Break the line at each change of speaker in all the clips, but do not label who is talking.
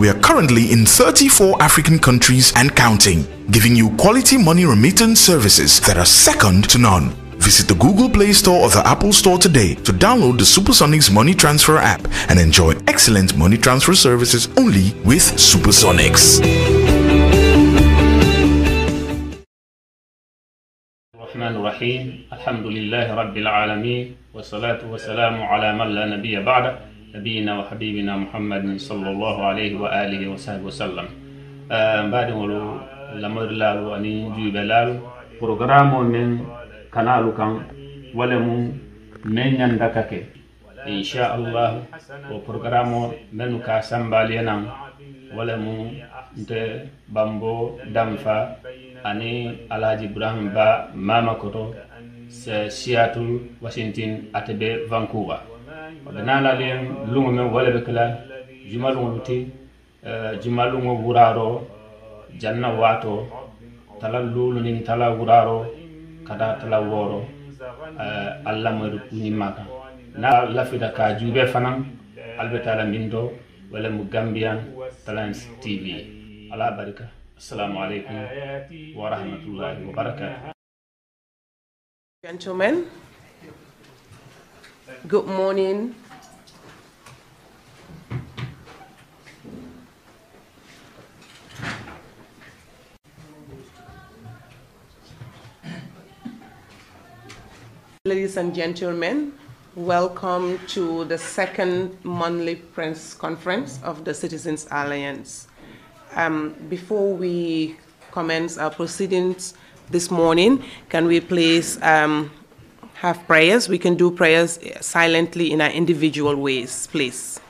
we are currently in 34 African countries and counting, giving you quality money remittance services that are second to none. Visit the Google Play Store or the Apple Store today to download the Supersonics Money Transfer app and enjoy excellent money transfer services only with Supersonics.
الرحمن الرحيم الحمد لله رب العالمين والصلاة والسلام على من لا نبي بعده نبينا وحبيبنا محمد صلى الله عليه وآله وصحبه وسلم mbaɗi ngolu lamori laalu ani juuɓe laalu programme o men kanalu kan wala mum men ñanda kake inchallahu o programme o menu ka sambaliyanan wala mum nte bambo damfa ani alhaji ibrahim ba mama koto se seattle washington atebe vancouver d na n la len luŋo meŋ wala be kela juma luŋo te juma luŋo wuraro janna waato tala luulu niŋ tala wuraro ka daa tala wooro alla moyi kuñiŋ ma kaŋ na lafita ka juube fanaŋ ali be tala miŋ do wala mu gambiyan talents tv ala barika assalamu aleykum warahmatullahi wabarakatuh
gentlemen Good morning. Ladies and gentlemen, welcome to the second monthly press conference of the Citizens Alliance. Um, before we commence our proceedings this morning, can we please um, have prayers. We can do prayers silently in our individual ways, please.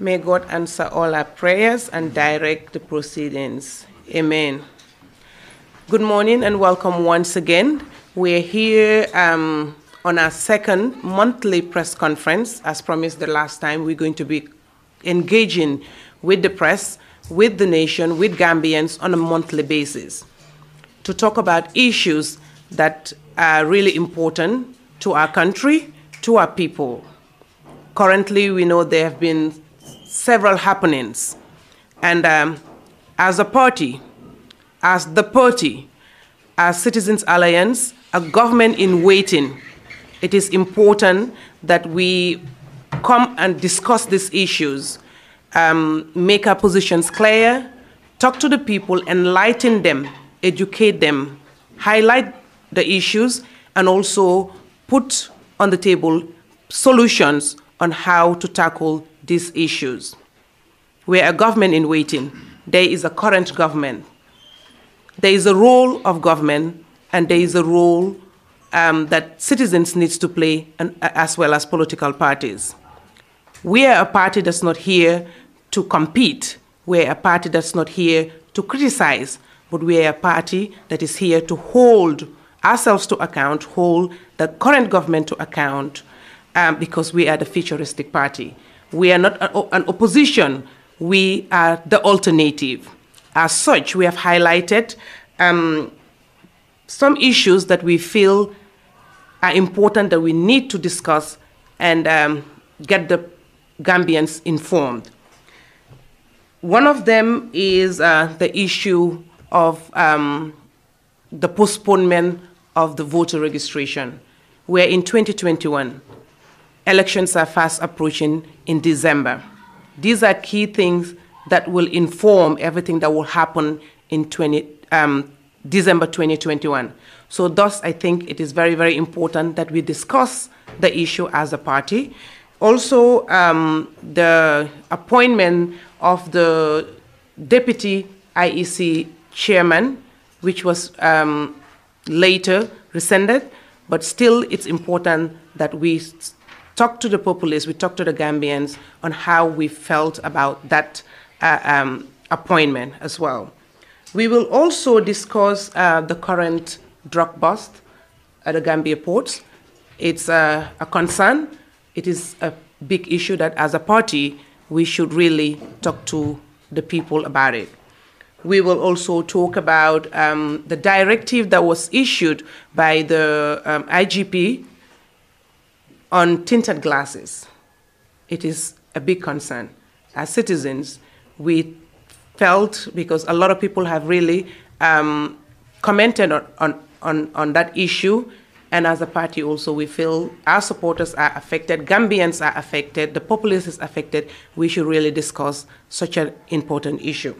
May God answer all our prayers and direct the proceedings. Amen. Good morning and welcome once again. We're here um, on our second monthly press conference. As promised the last time, we're going to be engaging with the press, with the nation, with Gambians on a monthly basis to talk about issues that are really important to our country, to our people. Currently, we know there have been several happenings. And um, as a party, as the party, as Citizens Alliance, a government in waiting, it is important that we come and discuss these issues, um, make our positions clear, talk to the people, enlighten them, educate them, highlight the issues, and also put on the table solutions on how to tackle these issues. We are a government in waiting. There is a current government. There is a role of government, and there is a role um, that citizens need to play, and, uh, as well as political parties. We are a party that's not here to compete. We're a party that's not here to criticize, but we're a party that is here to hold ourselves to account, hold the current government to account, um, because we are the futuristic party. We are not an opposition, we are the alternative. As such, we have highlighted um, some issues that we feel are important that we need to discuss and um, get the Gambians informed. One of them is uh, the issue of um, the postponement of the voter registration. We're in 2021. Elections are fast approaching in December. These are key things that will inform everything that will happen in 20, um, December 2021. So, thus, I think it is very, very important that we discuss the issue as a party. Also, um, the appointment of the deputy IEC chairman, which was um, later rescinded, but still, it's important that we Talk to the populace, we talked to the Gambians on how we felt about that uh, um, appointment as well. We will also discuss uh, the current drug bust at the Gambia ports. It's uh, a concern. It is a big issue that, as a party, we should really talk to the people about it. We will also talk about um, the directive that was issued by the um, IGP on tinted glasses. It is a big concern. As citizens, we felt, because a lot of people have really um, commented on, on, on, on that issue, and as a party also, we feel our supporters are affected, Gambians are affected, the populace is affected. We should really discuss such an important issue.